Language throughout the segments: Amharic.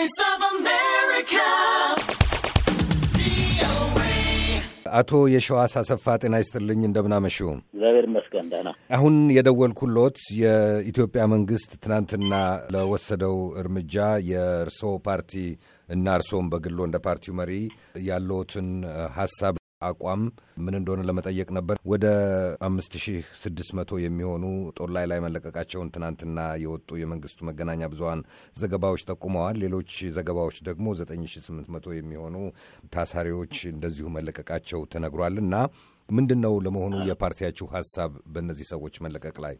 Voice of America. አቶ የሸዋስ አሰፋ ጤና ይስጥልኝ፣ እንደምናመሹ። እግዚአብሔር ይመስገን ደህና። አሁን የደወልኩሎት የኢትዮጵያ መንግስት ትናንትና ለወሰደው እርምጃ የእርስዎ ፓርቲ እና እርሶም በግሎ እንደ ፓርቲው መሪ ያለዎትን ሀሳብ አቋም ምን እንደሆነ ለመጠየቅ ነበር። ወደ አምስት ሺህ ስድስት መቶ የሚሆኑ ጦር ላይ ላይ መለቀቃቸውን ትናንትና የወጡ የመንግስቱ መገናኛ ብዙሀን ዘገባዎች ጠቁመዋል። ሌሎች ዘገባዎች ደግሞ ዘጠኝ ሺህ ስምንት መቶ የሚሆኑ ታሳሪዎች እንደዚሁ መለቀቃቸው ተነግሯል። እና ምንድን ነው ለመሆኑ የፓርቲያችሁ ሀሳብ በእነዚህ ሰዎች መለቀቅ ላይ?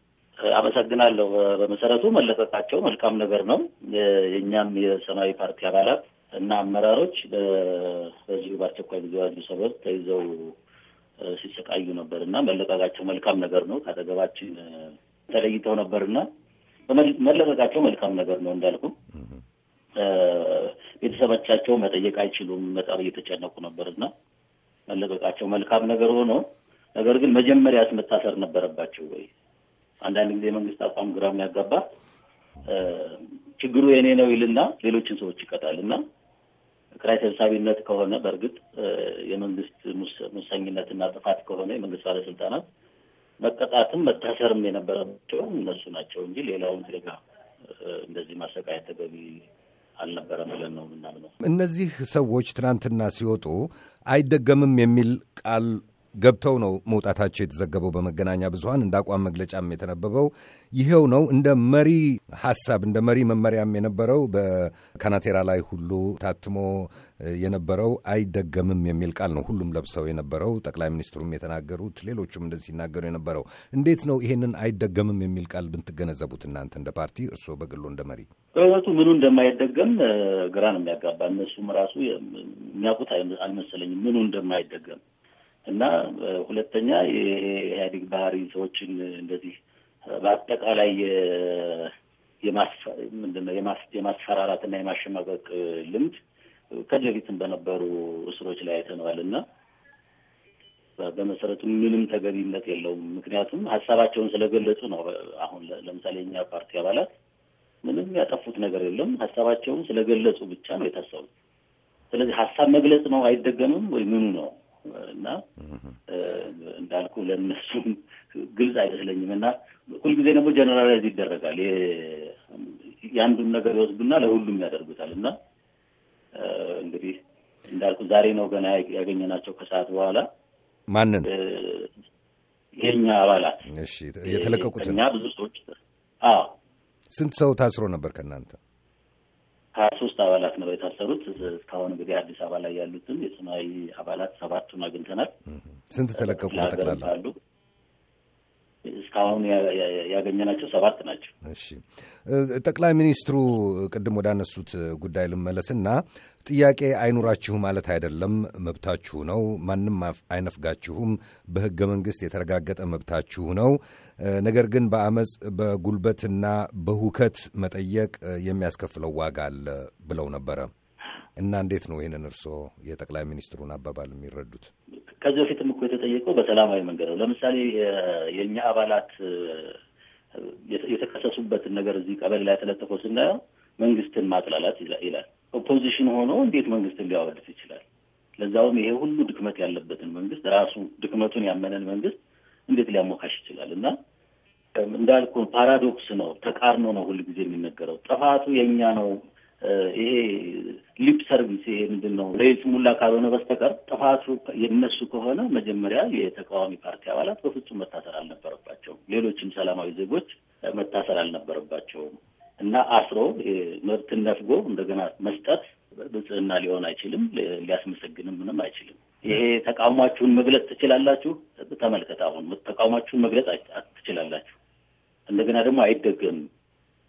አመሰግናለሁ። በመሰረቱ መለቀቃቸው መልካም ነገር ነው። የእኛም የሰማያዊ ፓርቲ አባላት እና አመራሮች በዚሁ በአስቸኳይ ጊዜ አዋጁ ሰበብ ተይዘው ሲሰቃዩ ነበር እና መለቀቃቸው መልካም ነገር ነው። ከአጠገባችን ተለይተው ነበር እና መለቀቃቸው መልካም ነገር ነው። እንዳልኩ ቤተሰቦቻቸው መጠየቅ አይችሉም። በጣም እየተጨነቁ ነበር እና መለቀቃቸው መልካም ነገር ሆኖ ነገር ግን መጀመሪያስ መታሰር ነበረባቸው ወይ? አንዳንድ ጊዜ የመንግስት አቋም ግራም ያጋባ ችግሩ የእኔ ነው ይልና ሌሎችን ሰዎች ይቀጣል እና ትግራይ ሰብሳቢነት ከሆነ በእርግጥ የመንግስት ሙሰኝነትና ጥፋት ከሆነ የመንግስት ባለስልጣናት መቀጣትም መታሰርም የነበረባቸው እነሱ ናቸው እንጂ ሌላውን ዜጋ እንደዚህ ማሰቃየት ተገቢ አልነበረም ብለን ነው የምናምነው። እነዚህ ሰዎች ትናንትና ሲወጡ አይደገምም የሚል ቃል ገብተው ነው መውጣታቸው የተዘገበው በመገናኛ ብዙሀን እንደ አቋም መግለጫም የተነበበው ይኸው ነው። እንደ መሪ ሀሳብ እንደ መሪ መመሪያም የነበረው በካናቴራ ላይ ሁሉ ታትሞ የነበረው አይደገምም የሚል ቃል ነው ሁሉም ለብሰው የነበረው ጠቅላይ ሚኒስትሩም የተናገሩት ሌሎቹም እንደዚህ ሲናገሩ የነበረው። እንዴት ነው ይሄንን አይደገምም የሚል ቃል ብንትገነዘቡት እናንተ እንደ ፓርቲ፣ እርስዎ በግሎ እንደ መሪ? በእውነቱ ምኑ እንደማይደገም ግራ ነው የሚያጋባ። እነሱም ራሱ የሚያውቁት አልመሰለኝም ምኑ እንደማይደገም እና ሁለተኛ የኢህአዴግ ባህሪ ሰዎችን እንደዚህ በአጠቃላይ የማስፈራራትና የማሸማቀቅ ልምድ ከዚህ በፊትም በነበሩ እስሮች ላይ አይተነዋል እና በመሰረቱ ምንም ተገቢነት የለውም። ምክንያቱም ሀሳባቸውን ስለገለጹ ነው። አሁን ለምሳሌ እኛ ፓርቲ አባላት ምንም ያጠፉት ነገር የለም። ሀሳባቸውን ስለገለጹ ብቻ ነው የታሰሩት። ስለዚህ ሀሳብ መግለጽ ነው አይደገምም ወይ ምኑ ነው? እና እንዳልኩ ለእነሱም ግልጽ አይመስለኝም እና ሁልጊዜ ደግሞ ጀነራላይዝ ይደረጋል። የአንዱን ነገር ይወስዱና ለሁሉም ያደርጉታል እና እንግዲህ እንዳልኩ ዛሬ ነው ገና ያገኘናቸው ከሰዓት በኋላ ማንን የኛ አባላት እሺ፣ የተለቀቁት እኛ ብዙ ሰዎች። አዎ ስንት ሰው ታስሮ ነበር ከእናንተ? ሀያ ሶስት አባላት ነው የታሰሩት። እስካሁን እንግዲህ አዲስ አበባ ላይ ያሉትን የሰማያዊ አባላት ሰባቱን አግኝተናል። ስንት ተለቀቁ? ጠቅላላ እስካሁን ያገኘናቸው ሰባት ናቸው። እሺ ጠቅላይ ሚኒስትሩ ቅድም ወዳነሱት ጉዳይ ልመለስና ጥያቄ አይኑራችሁ ማለት አይደለም፣ መብታችሁ ነው። ማንም አይነፍጋችሁም። በሕገ መንግሥት የተረጋገጠ መብታችሁ ነው። ነገር ግን በአመፅ በጉልበትና በሁከት መጠየቅ የሚያስከፍለው ዋጋ አለ ብለው ነበረ እና እንዴት ነው ይህንን እርስዎ የጠቅላይ ሚኒስትሩን አባባል የሚረዱት? ከዚህ በፊትም እኮ የተጠየቀው በሰላማዊ መንገድ ነው። ለምሳሌ የእኛ አባላት የተከሰሱበትን ነገር እዚህ ቀበሌ ላይ ተለጥፎ ስናየው መንግስትን ማጥላላት ይላል። ኦፖዚሽን ሆኖ እንዴት መንግስትን ሊያወድስ ይችላል? ለዛውም ይሄ ሁሉ ድክመት ያለበትን መንግስት ራሱ ድክመቱን ያመነን መንግስት እንዴት ሊያሞካሽ ይችላል? እና እንዳልኩ ፓራዶክስ ነው፣ ተቃርኖ ነው ሁልጊዜ የሚነገረው። ጥፋቱ የእኛ ነው ይሄ ሊፕ ሰርቪስ ይሄ ምንድን ነው ሬስ ሙላ ካልሆነ በስተቀር ጥፋቱ የነሱ ከሆነ መጀመሪያ የተቃዋሚ ፓርቲ አባላት በፍጹም መታሰር አልነበረባቸውም። ሌሎችም ሰላማዊ ዜጎች መታሰር አልነበረባቸውም እና አስሮ መብትን ነፍጎ እንደገና መስጠት ብጽህና ሊሆን አይችልም። ሊያስመሰግንም ምንም አይችልም። ይሄ ተቃውሟችሁን መግለጽ ትችላላችሁ። ተመልከት፣ አሁን ተቃውሟችሁን መግለጽ ትችላላችሁ። እንደገና ደግሞ አይደገምም።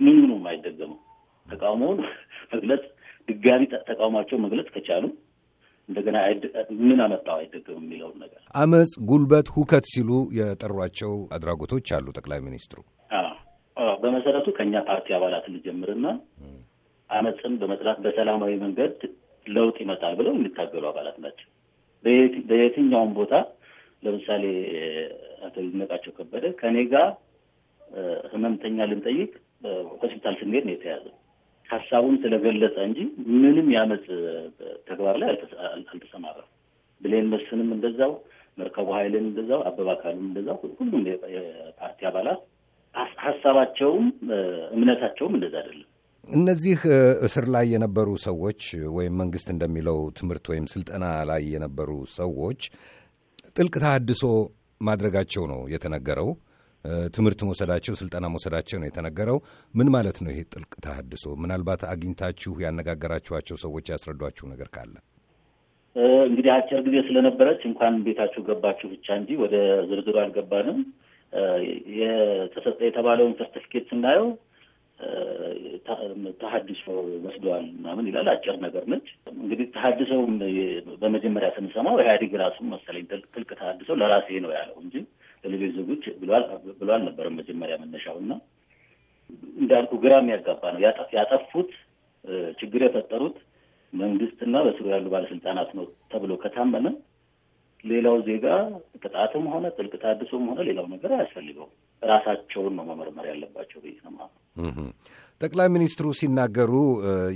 ምንም አይደገምም። ተቃውሞውን መግለጽ ድጋሚ ተቃውሟቸው መግለጽ ከቻሉ እንደገና ምን አመጣው አይደገም የሚለውን ነገር አመፅ፣ ጉልበት፣ ሁከት ሲሉ የጠሯቸው አድራጎቶች አሉ። ጠቅላይ ሚኒስትሩ በመሰረቱ ከእኛ ፓርቲ አባላት እንጀምርና አመፅን በመጥላት በሰላማዊ መንገድ ለውጥ ይመጣል ብለው የሚታገሉ አባላት ናቸው። በየትኛውም ቦታ ለምሳሌ አቶ ይነቃቸው ከበደ ከኔ ጋር ህመምተኛ ልንጠይቅ ሆስፒታል ስንሄድ ነው የተያዘው። ሀሳቡን ስለገለጸ እንጂ ምንም ያመፅ ተግባር ላይ አልተሰማራም። ብሌን መስንም እንደዛው፣ መርከቡ ኃይልን እንደዛው፣ አበባ አካልም እንደዛው፣ ሁሉም የፓርቲ አባላት ሀሳባቸውም እምነታቸውም እንደዛ አይደለም። እነዚህ እስር ላይ የነበሩ ሰዎች ወይም መንግስት እንደሚለው ትምህርት ወይም ስልጠና ላይ የነበሩ ሰዎች ጥልቅ ተሃድሶ ማድረጋቸው ነው የተነገረው። ትምህርት መውሰዳቸው፣ ስልጠና መውሰዳቸው ነው የተነገረው። ምን ማለት ነው ይሄ ጥልቅ ተሃድሶ? ምናልባት አግኝታችሁ ያነጋገራችኋቸው ሰዎች ያስረዷችሁ ነገር ካለ እንግዲህ አጭር ጊዜ ስለነበረች እንኳን ቤታችሁ ገባችሁ ብቻ እንጂ ወደ ዝርዝሩ አልገባንም። የተሰጠ የተባለውን ሰርቲፊኬት ስናየው ተሀድሶ ወስደዋል ምናምን ይላል። አጭር ነገር ነች። እንግዲህ ተሀድሶውን በመጀመሪያ ስንሰማው ኢህአዴግ ራሱ መሰለኝ ጥልቅ ተሀድሶ ለራሴ ነው ያለው እንጂ ሌሎች ዜጎች ብሏል ነበረ መጀመሪያ መነሻው እና እንዳልኩ ግራም ያጋባ ነው። ያጠፉት ችግር የፈጠሩት መንግስትና በስሩ ያሉ ባለስልጣናት ነው ተብሎ ከታመነ ሌላው ዜጋ ቅጣትም ሆነ ጥልቅ ታድሶም ሆነ ሌላው ነገር አያስፈልገውም። ራሳቸውን ነው መመርመር ያለባቸው ብዬ ነው ማለት ጠቅላይ ሚኒስትሩ ሲናገሩ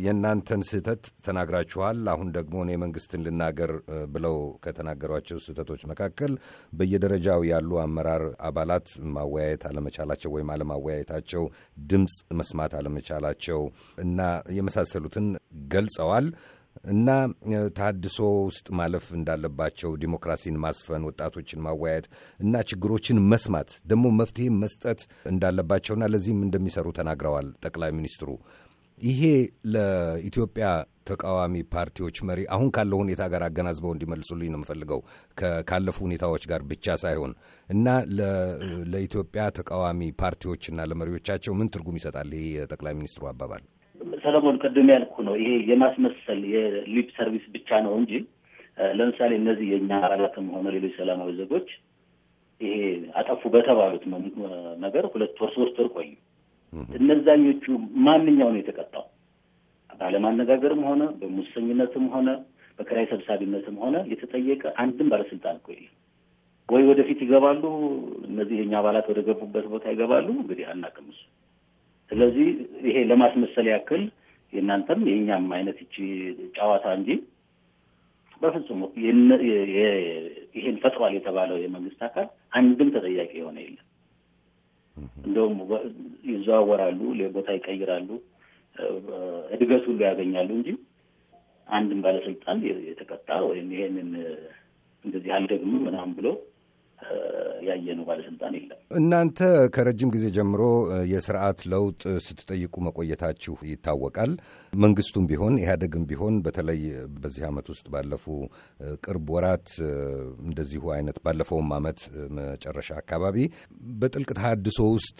የእናንተን ስህተት ተናግራችኋል፣ አሁን ደግሞ እኔ መንግስትን ልናገር ብለው ከተናገሯቸው ስህተቶች መካከል በየደረጃው ያሉ አመራር አባላት ማወያየት አለመቻላቸው ወይም አለማወያየታቸው፣ ድምፅ መስማት አለመቻላቸው እና የመሳሰሉትን ገልጸዋል። እና ታድሶ ውስጥ ማለፍ እንዳለባቸው ዲሞክራሲን ማስፈን፣ ወጣቶችን ማወያየት እና ችግሮችን መስማት ደግሞ መፍትሄ መስጠት እንዳለባቸውና ለዚህም እንደሚሰሩ ተናግረዋል ጠቅላይ ሚኒስትሩ። ይሄ ለኢትዮጵያ ተቃዋሚ ፓርቲዎች መሪ አሁን ካለው ሁኔታ ጋር አገናዝበው እንዲመልሱልኝ ነው የምፈልገው፣ ካለፉ ሁኔታዎች ጋር ብቻ ሳይሆን እና ለኢትዮጵያ ተቃዋሚ ፓርቲዎችና ለመሪዎቻቸው ምን ትርጉም ይሰጣል ይሄ የጠቅላይ ሚኒስትሩ አባባል? ሰለሞን ቅድም ያልኩ ነው። ይሄ የማስመሰል የሊፕ ሰርቪስ ብቻ ነው እንጂ ለምሳሌ እነዚህ የእኛ አባላትም ሆነ ሌሎች ሰላማዊ ዜጎች ይሄ አጠፉ በተባሉት ነገር ሁለት ወር ሶስት ወር ቆዩ። እነዛኞቹ ማንኛው ነው የተቀጣው? ባለማነጋገርም ሆነ በሙሰኝነትም ሆነ በክራይ ሰብሳቢነትም ሆነ የተጠየቀ አንድም ባለስልጣን እኮ የለም። ወይ ወደፊት ይገባሉ እነዚህ የእኛ አባላት ወደ ገቡበት ቦታ ይገባሉ። እንግዲህ አናውቅም እሱ ስለዚህ ይሄ ለማስመሰል ያክል የእናንተም የእኛም አይነት እቺ ጨዋታ እንጂ በፍጹም ይሄን ፈጥሯል የተባለው የመንግስት አካል አንድም ተጠያቂ የሆነ የለም። እንደውም ይዘዋወራሉ፣ ቦታ ይቀይራሉ፣ እድገት ሁሉ ያገኛሉ እንጂ አንድም ባለስልጣን የተቀጣ ወይም ይሄንን እንደዚህ አልደግምም ምናምን ብሎ ያየነው ባለስልጣን የለም። እናንተ ከረጅም ጊዜ ጀምሮ የስርዓት ለውጥ ስትጠይቁ መቆየታችሁ ይታወቃል። መንግስቱም ቢሆን ኢህአደግም ቢሆን በተለይ በዚህ ዓመት ውስጥ ባለፉ ቅርብ ወራት እንደዚሁ አይነት ባለፈውም ዓመት መጨረሻ አካባቢ በጥልቅ ተሃድሶ ውስጥ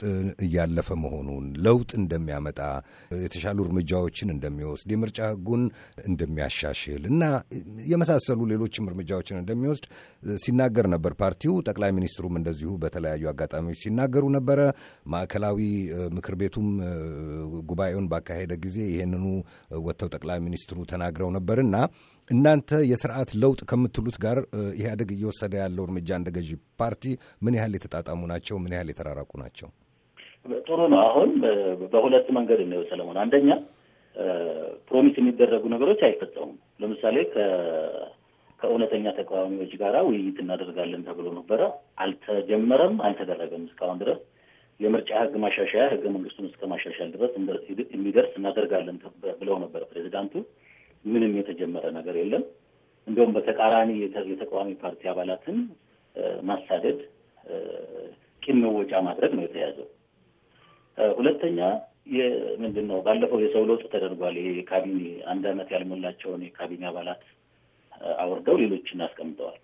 እያለፈ መሆኑን ለውጥ እንደሚያመጣ የተሻሉ እርምጃዎችን እንደሚወስድ የምርጫ ህጉን እንደሚያሻሽል እና የመሳሰሉ ሌሎችም እርምጃዎችን እንደሚወስድ ሲናገር ነበር ፓርቲው ጠቅላይ ሚኒስትሩም እንደዚሁ በተለያዩ አጋጣሚዎች ሲናገሩ ነበረ። ማዕከላዊ ምክር ቤቱም ጉባኤውን ባካሄደ ጊዜ ይህንኑ ወጥተው ጠቅላይ ሚኒስትሩ ተናግረው ነበር እና እናንተ የስርዓት ለውጥ ከምትሉት ጋር ኢህአደግ እየወሰደ ያለው እርምጃ እንደ ገዢ ፓርቲ ምን ያህል የተጣጣሙ ናቸው? ምን ያህል የተራራቁ ናቸው? ጥሩ ነው። አሁን በሁለት መንገድ ነው ሰለሞን። አንደኛ ፕሮሚስ የሚደረጉ ነገሮች አይፈጸሙም። ለምሳሌ ከእውነተኛ ተቃዋሚዎች ጋራ ውይይት እናደርጋለን ተብሎ ነበረ። አልተጀመረም፣ አልተደረገም እስካሁን ድረስ የምርጫ ህግ ማሻሻያ ህገ መንግስቱን እስከ ማሻሻል ድረስ የሚደርስ እናደርጋለን ብለው ነበረ ፕሬዚዳንቱ። ምንም የተጀመረ ነገር የለም። እንዲሁም በተቃራኒ የተቃዋሚ ፓርቲ አባላትን ማሳደድ፣ ቂም መወጫ ማድረግ ነው የተያዘው። ሁለተኛ ምንድን ነው ባለፈው የሰው ለውጥ ተደርጓል። ይሄ የካቢኔ አንድ አመት ያልሞላቸውን የካቢኔ አባላት አውርደው ሌሎችን አስቀምጠዋል።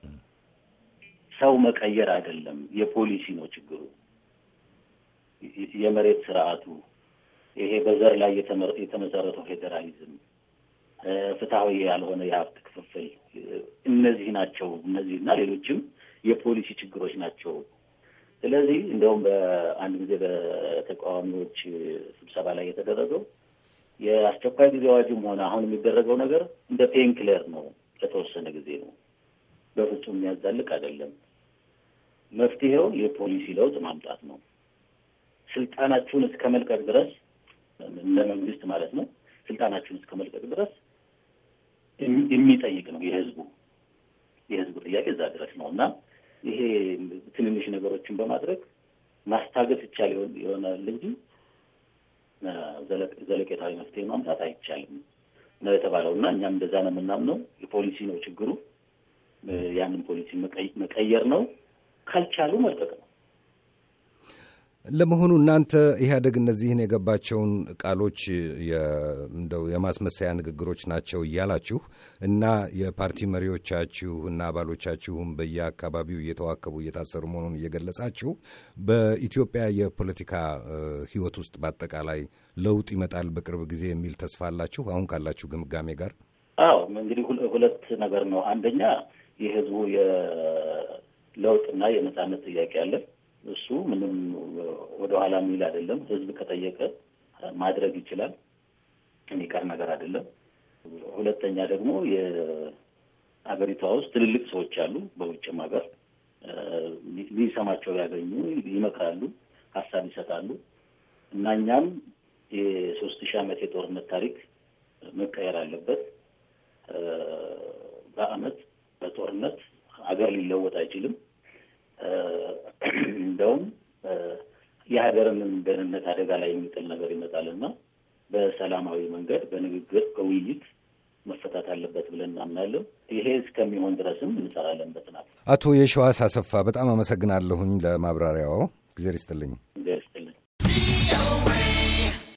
ሰው መቀየር አይደለም የፖሊሲ ነው ችግሩ። የመሬት ስርዓቱ ይሄ በዘር ላይ የተመሰረተው ፌዴራሊዝም፣ ፍትሐዊ ያልሆነ የሀብት ክፍፍል፣ እነዚህ ናቸው። እነዚህ እና ሌሎችም የፖሊሲ ችግሮች ናቸው። ስለዚህ እንደውም በአንድ ጊዜ በተቃዋሚዎች ስብሰባ ላይ የተደረገው የአስቸኳይ ጊዜ አዋጅም ሆነ አሁን የሚደረገው ነገር እንደ ፔንክለር ነው። ለተወሰነ ጊዜ ነው። በፍጹም የሚያዛልቅ አይደለም። መፍትሄው የፖሊሲ ለውጥ ማምጣት ነው። ስልጣናችሁን እስከ መልቀቅ ድረስ ለመንግስት ማለት ነው። ስልጣናችሁን እስከ መልቀቅ ድረስ የሚጠይቅ ነው የህዝቡ የህዝቡ ጥያቄ እዛ ድረስ ነው እና ይሄ ትንንሽ ነገሮችን በማድረግ ማስታገስ ይቻል ይሆናል እንጂ ዘለቄታዊ መፍትሄ ማምጣት አይቻልም። ነው የተባለው እና እኛም እንደዛ ነው የምናምነው። የፖሊሲ ነው ችግሩ። ያንን ፖሊሲ መቀየር ነው። ካልቻሉ መልቀቅ ነው። ለመሆኑ እናንተ ኢህአደግ እነዚህን የገባቸውን ቃሎች እንደው የማስመሰያ ንግግሮች ናቸው እያላችሁ እና የፓርቲ መሪዎቻችሁ እና አባሎቻችሁም በየአካባቢው እየተዋከቡ እየታሰሩ መሆኑን እየገለጻችሁ በኢትዮጵያ የፖለቲካ ህይወት ውስጥ በአጠቃላይ ለውጥ ይመጣል በቅርብ ጊዜ የሚል ተስፋ አላችሁ አሁን ካላችሁ ግምጋሜ ጋር? አዎ እንግዲህ ሁለት ነገር ነው። አንደኛ የህዝቡ የለውጥና የነጻነት ጥያቄ አለን እሱ ምንም ወደኋላ የሚል አይደለም። ህዝብ ከጠየቀ ማድረግ ይችላል። የሚቀር ነገር አይደለም። ሁለተኛ ደግሞ የአገሪቷ ውስጥ ትልልቅ ሰዎች አሉ፣ በውጭም ሀገር ሊሰማቸው ያገኙ ይመክራሉ፣ ሀሳብ ይሰጣሉ እና እኛም የሶስት ሺህ ዓመት የጦርነት ታሪክ መቀየር አለበት። በአመት በጦርነት ሀገር ሊለወጥ አይችልም። እንደውም የሀገርንም ደህንነት አደጋ ላይ የሚጥል ነገር ይመጣልና በሰላማዊ መንገድ በንግግር በውይይት መፈታት አለበት ብለን እናምናለን። ይሄ እስከሚሆን ድረስም እንሰራለን በጥናት። አቶ የሸዋስ አሰፋ በጣም አመሰግናለሁኝ ለማብራሪያው። እግዜር ይስጥልኝ።